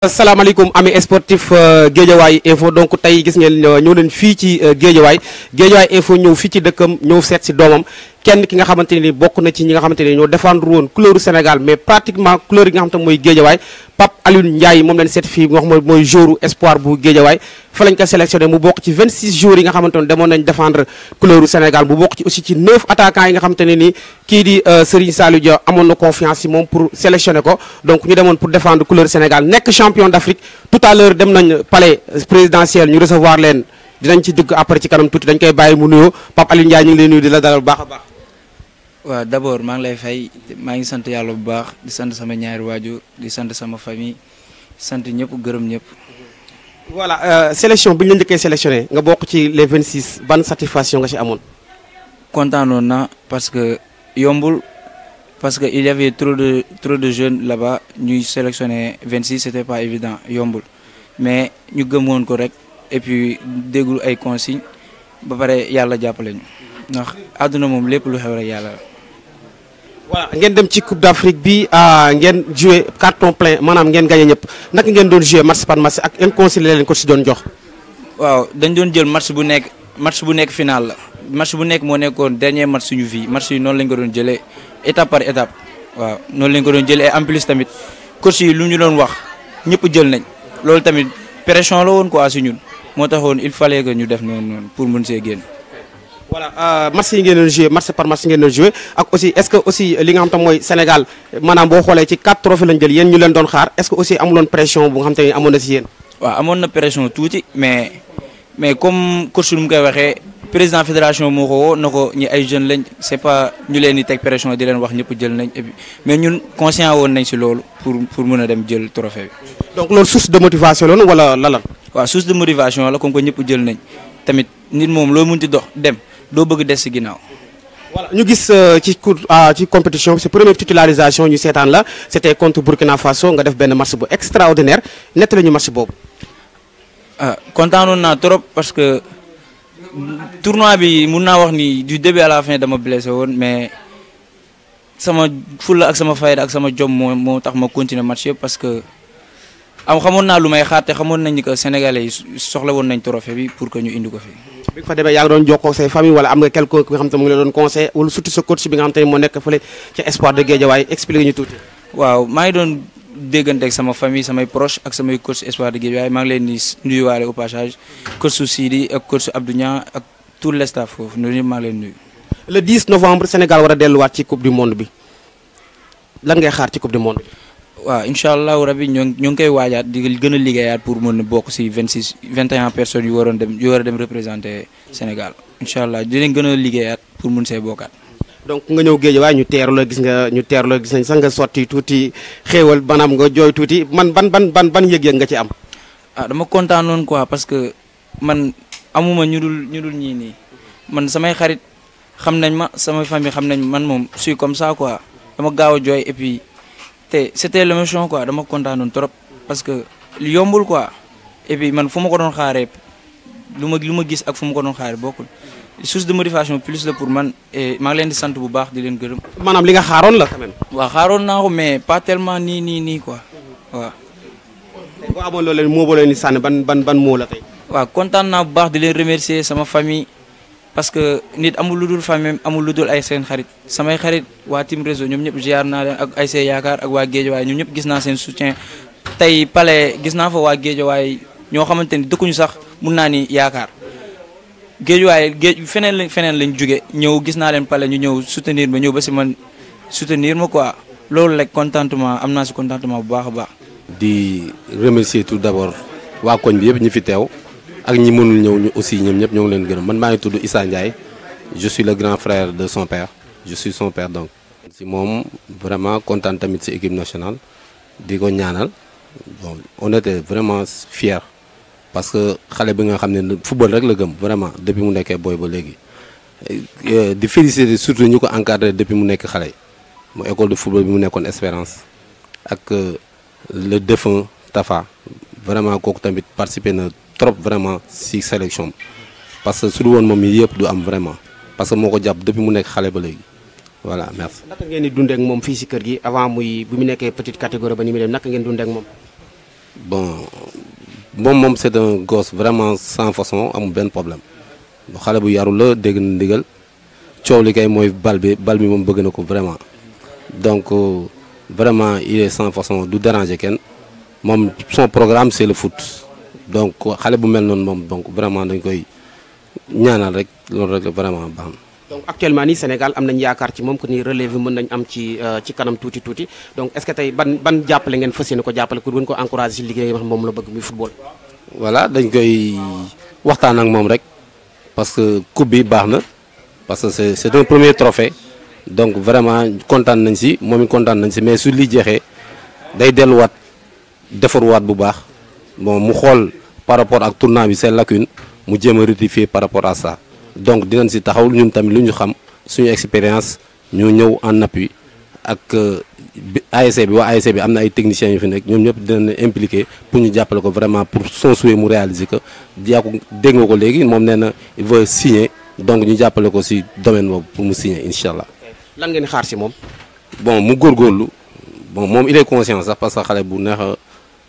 asalaamaaleykum ami sportif euh, Géejawaay info donc tey gis ngeen euh, ñëw leen fii ci euh, Géejawaay Géejawaay info ñëw fii ci dëkkam ñëw seet si doomam kenn ki nga xamanteni ni bokk na ci ñi nga xamanteni ñoo défendre woon couleur Sénégal mais pratiquement couleur yi nga xamante mooy Géejawaay Pape Aliou Ndiaye mom lañ seet fi nga xam moy jouru espoir bu Géejawaay fa lañ ko sélectionné mu bokk ci 26 jours yi nga xamante demo nañ défendre couleur Sénégal bu bokk ci aussi ci 9 attaquants yi nga xamanteni ni ki di euh, Serigne Saliou Dia amoon na confiance ci mom pour sélectionner ko donc ñu demoon pour défendre couleur Sénégal nek champion d'Afrique tout à l'heure dem nañ palais présidentiel ñu recevoir leen dinañ ci dugg après ci kanam tuuti dañ koy bayyi mu nuyo Pape Aliou Ndiaye ñu ngi lay nuyu di la dalal bu baax baax waaw d'abord maa ngi lay fay mangi sante yalla bu baax di sante sama ñaari waju di sante sama famille sante ñëpp gërëm ñëpp. voilà euh, sélection bi ñu la njëkkee sélectionné nga bokku ci les 26 ban satisfaction nga ci amone kontaanoon na parce que yombul parce que il y avait trop de trop de jeunes là-bas ñuy sélectionné 26 c'était pas évident yombul mais ñu gëm won ko rek et puis déggul ay consignes ba paré yalla jappalé ñu ndax aduna moom lepp lu xew rek yàlla voilà ngeen dem ci coupe d' afrique bi ah, ngeen joué carton plein maanaam ngeen gagné ñëpp naka ngeen doon joué match par match ak yan conseil leen ko si doon dañ doon jël match bu nekk match bu nekk final la match bu nekk moo nekkoon dernier match suñu vie match yi noonu lañ ko doon jëlee étape par étape waaw noonu lañ ko doon jëlee en plus tamit coach yi lu ñu doon wax ñëpp jël nañ loolu tamit pression la woon quoi si ñun moo taxoon il fallait que ñu def noonu noonu pour mën see génn. voilà euh, match yi ngeen doon match par match ngeen doon ak aussi est-ce que aussi euh, li nga xam te Sénégal maanaam boo xoolee ci quatre trophées lañ jël yéen ñu leen doon xaar est-ce que aussi amuloon pression bu nga xam te ne amoon na si pression touti, mais mais comme coach lu koy waxee président fédération moo nous woo na ñi ay lañ c'est pas ñu leen di pression di leen wax ñëpp jël nañ mais ñun conscient woon nañ sur loolu pour pour mën a dem jël trophée bi. donc loolu source de motivation la wala lan la. waaw source de motivation la comme que ñëpp jël nañ tamit nit moom loo mënti dox dem do bëgg dess si ginnaaw. voilà ñu gis euh, ci ah, ci compétition c'est sa première titularisation ñu seetaan la c'était contre Burkina Faso nga def benn match bu extraordinaire nett la ñu match boobu. ah kontaanoon naa trop parce que tournoi bi mun naa wax ni du début à la fin dama blessé woon mais sama fulla ak sama fayda ak sama jom moo moo tax ma continuer match parce que am xamoon naa lu may xaar te xamoon nañ ni que sénégalais yi soxla woon nañ trophée bi pour que ñu indi ko fi. bi nga fa demee yaa ngi doon jokkoo say famille wala am nga quelqu'un ki nga xam te mu ngi la doon conseil wala surtout sa nga xam ne moo nekk fële ca espoir de Guédiawaye expliqué ñu tuuti waaw maa doon déggante ak sama famille samay proche ak samay coach espoir de Guédiawaye maa ngi leen di nuyuwaale au passage coach su Sidi ak coach su Abdou ak tout le staff foofu ñun ñëpp maa leen nuyu le 10 novembre Sénégal war a delluwaat ci coupe du monde bi lan ngay xaar ci coupe du monde bi waaw incha allahu rabi ñoo ñoo ngi koy waajaat di gën a liggéeyaat pour mën a bokk si vingt six vingt et un personnes yu waroon dem yu war a dem représenté Sénégal incha allah dinañ gën a liggéeyaat pour mun see bokkaat. donc nga ñëw géej waaye ñu teeru la gis nga ñu teeru la gis nañ sax nga sotti tuuti xéewal maanaam nga jooy tuuti man ban ban ban ban yëg-yëg nga ci am. ah dama kontaan noonu quoi parce que man amuma ñu dul ñu ñii nii man samay xarit xam nañ ma sama famille xam nañ man moom suis comme ça te c'était l'émotion quoi dama kontaanoon trop parce que yombul quoi et puis man fu ma ko doon xaare lu ma lu ma gis ak fu ma ko doon xaaree bokkul source de motivation plus la pour man et maa leen di sant bu baax di leen gërëm. maanaam li nga xaaroon la quand même. xaaroon naa ko mais pas tellement nii nii nii quoi waaw. tey boo amoon loolu leen ban ban ban moo la naa bu baax di leen remercier sama famille. parce que nit amul lu dul famille amul lu dul ay seen xarit samay xarit waa team réseau ñoom ñëpp ziar naa leen ak ay seen yaakaar ak waa géej géejawaay ñoom ñëpp gis naa seen soutien tey pale gis naa fa waa géej waaye ñoo xamante ni dëkkuñu sax mun naa ni yaakaar géej waaye géej feneen lañ feneen lañ jóge ñëw gis naa leen pale ñu ñëw soutenir ma ñëw ba si man soutenir ma quoi loolu rek contentement am naa si contentement bu baax a baax. di remercier tout d'abord waa koñ bi yëpp ñi fi teew. ak ñi mënul ñëw ñu aussi ñoom ñep ñoo leen gërëm man maa tuddu Issa Ndiaye je suis le grand frère de son père je suis son père donc. si mom vraiment content tamit ci équipe nationale di ko ñaanal bon on était vraiment fier parce que xalé bi nga xamné football rek la gëm vraiment depuis mu nekkee boy ba légui euh, di féliciter surtout ñuko encadrer depuis mu nekk xalé mu école de football bi mu nekkoon Espérance ak euh, le défunt Tafa vraiment kooku tamit participer na trop vraiment si sélection parce que su won mom yépp du am vraiment parce que moko japp depuis mu nek xalé ba légui voilà merci. naka ngeen di dundee ak mom fi ci kër gi avant muy bu mu petite catégorie ba ni mi dem nak ngeen dundee ak mom bon moom c'est un gosse vraiment sans façon am ben problème xalé bu yarou la dégg na ndigal coow li kay mooy bal bi bal bi bëgg na ko vraiment donc euh, vraiment il est sans façon du déranger ken mom son programme c'est le foot. donc xalé bu mel non mom donc vraiment dañ koy ñaanal rek lool rek vraiment baam donc actuellement ni sénégal amnañ yaakar ci mom ko ni relève mën nañ am ci euh, ci kanam touti touti donc est ce que tay ban ban jappalé ngeen fassiyene ko jappalé pour gën ko encourager si liggéey wax mom la bëgg mi football voilà dañ koy waxtaan ak mom rek parce que coupe bi baxna parce que c'est c'est un premier trophée donc vraiment content nañ ci momi it nañ ci mais su li jexé day delluwaat wat bu baax bon mu xol par rapport ak tournant bi seen lacune mu jéem rectifier par rapport à ça donc dinañ si taxaw ñun tamit lu ñu xam suñu expérience ñu ñëw en appui ak euh, ASC bi wa ASC bi amna ay techniciens yu fi nek ñom ñep dinañ impliqué pour ñu jappalé ko vraiment pour son souhait mu réaliser que yaa ko dégg nga ko légui mom néna il veut signer donc ñu jappalé ko ci domaine boobu pour mu signer inshallah lan ngeen xaar ci mom bon mu gorlu bon mom il est conscient sax parce que xalé bu neex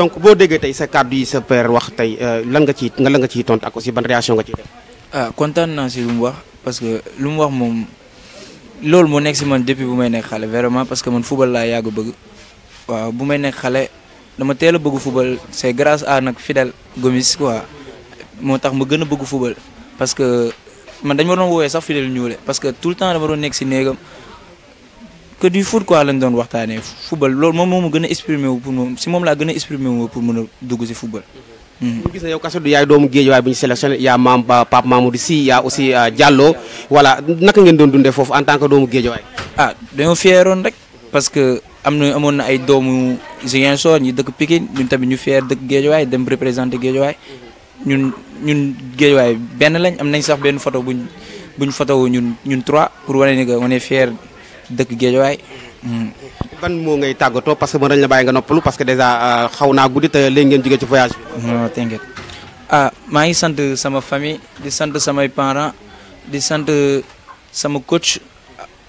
donc boo déggee tey sa kàddu yi sa père wax tey euh, lan nga ciy lan nga ciy tontu ak aussi ban réaction nga ciy def. ah kontaan naa si lu mu wax parce que lu mu wax moom loolu moo nekk si man depuis bu may nekk xale vraiment parce que man football laa yàgg bëgg waaw bu may nekk xale dama teel a bëgg football c'est grâce à nag Fidel Gomis quoi moo tax ma gën a bëgg football parce que man dañ ma doon woowee sax Fidel ñuule parce que tout le temps dama doon nekk si néegam. que du foot quoi lañ doon waxtaanee football loolu moom moo ma gën a exprimer wu pour moom si moom laa gën a exprimer wu pour mën a dugg si football. Mm-hmm. ñu gis yaay doomu Guédiawaye bi ñu yaa maam Pape Mamadou Sy yaa aussi euh, Diallo voilà naka ngeen doon dundee foofu en tant doomu Guédiawaye. ah feeroon rek parce que am na amoon ay doomu Ziguinchor dëkk Pikine ñun tamit ñu ñun ñun benn lañ am nañ sax benn photo buñ buñ ñun ñun dëkk Géejawaay. ban moo ngay tàggatoo parce que mën nañ la nga noppalu parce que euh, xaw naa guddi te léegi ngeen jógee ci voyage bi. non ah, maa ngi sant sama famille di sant samay parent di sant sama coach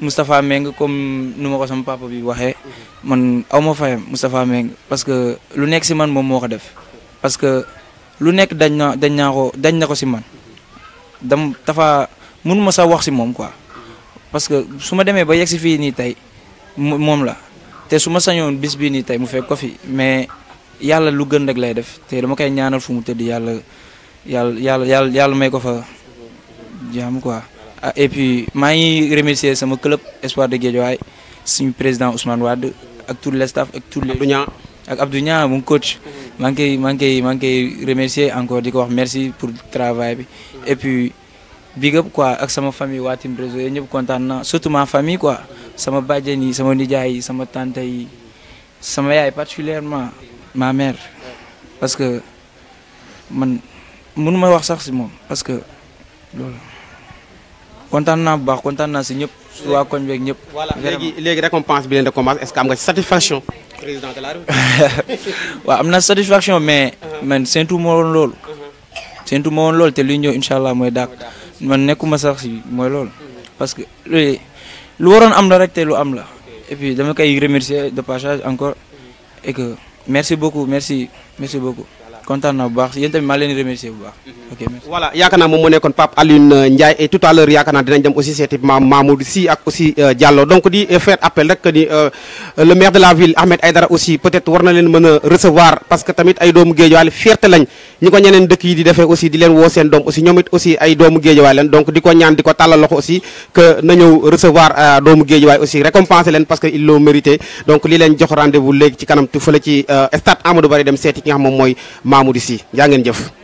Moustapha Meng comme nu ma ko sama papa bi waxee man aw ma fayam Moustapha Meng parce que lu nekk si man moom moo ko def parce que lu nekk dañ na dañ naa dañ na ko si man dam dafa mënuma sa wax si moom quoi. parce que su ma demee ba yegg si fii nii tey moom la te su ma sañoon bis bii nii tey mu fekk ko fi mais yàlla lu gën rek lay def te dama koy ñaanal fu mu tëdd yàlla yàlla yàlla yàlla yàlla may ko fa jaam quoi. ah et puis maa ngi remercier sama club Espoir de Guédiawaye suñu président Ousmane Wade ak tout le staff ak tout le. ak Abdou Niang mu coach maa ngi koy maa ngi koy maa ngi koy remercier encore di ko wax merci pour travail bi et puis big up quoi ak sama famille waa Tim Réseau yooyu ñëpp kontaan na surtout ma famille quoi sama bàjjen yi sama nijaay sama tante yi sama yaay particulièrement ma mère parce que man mënu ma wax sax si moom parce que loolu kontaan bu baax kontaan naa si ñëpp su waa koñ beeg ñëpp. voilà léegi léegi bi leen di commencé est-ce que am nga satisfaction. mais. Uh-huh. man séntu ma woon lool uh-huh. séntu ma woon loolu te luy ñëw incha mooy dàq. man nekuma sax si moy loolu. parce que lui lu waroon am la rek lu am la. et puis dama kay remercier de passage encore et que merci beaucoup merci merci beaucoup. content na bu baax yéen tamit ma leen remercier bu baax mhm. ok merci voilà yakana mo mo moo nekkoon Pape Alioune euh, Ndiaye et tout à l'heure yakana dinañ dem aussi seeti maam Mamoudou si ak aussi euh, Diallo donc di euh, faire appel rek ni le maire de la ville Ahmed aidara aussi peut-être war na leen meuna recevoir parce que tamit ay doomu géejawaale fierté lañ ñiko ñeneen dekk yi di defee aussi di leen wo sen doom aussi ñomit aussi ay doomu géejawaay lañ donc diko ko ñaan di ko tàllal aussi que na ñëw recevoir doomu géejawaay aussi récompenser leen parce que ils l'ont mérité donc li leen jox rendez-vous légui ci kanam tu fële ci stade Amadou bari dem setti ki nga xam mom moy Mamoudi Sy jaa ngeen jëf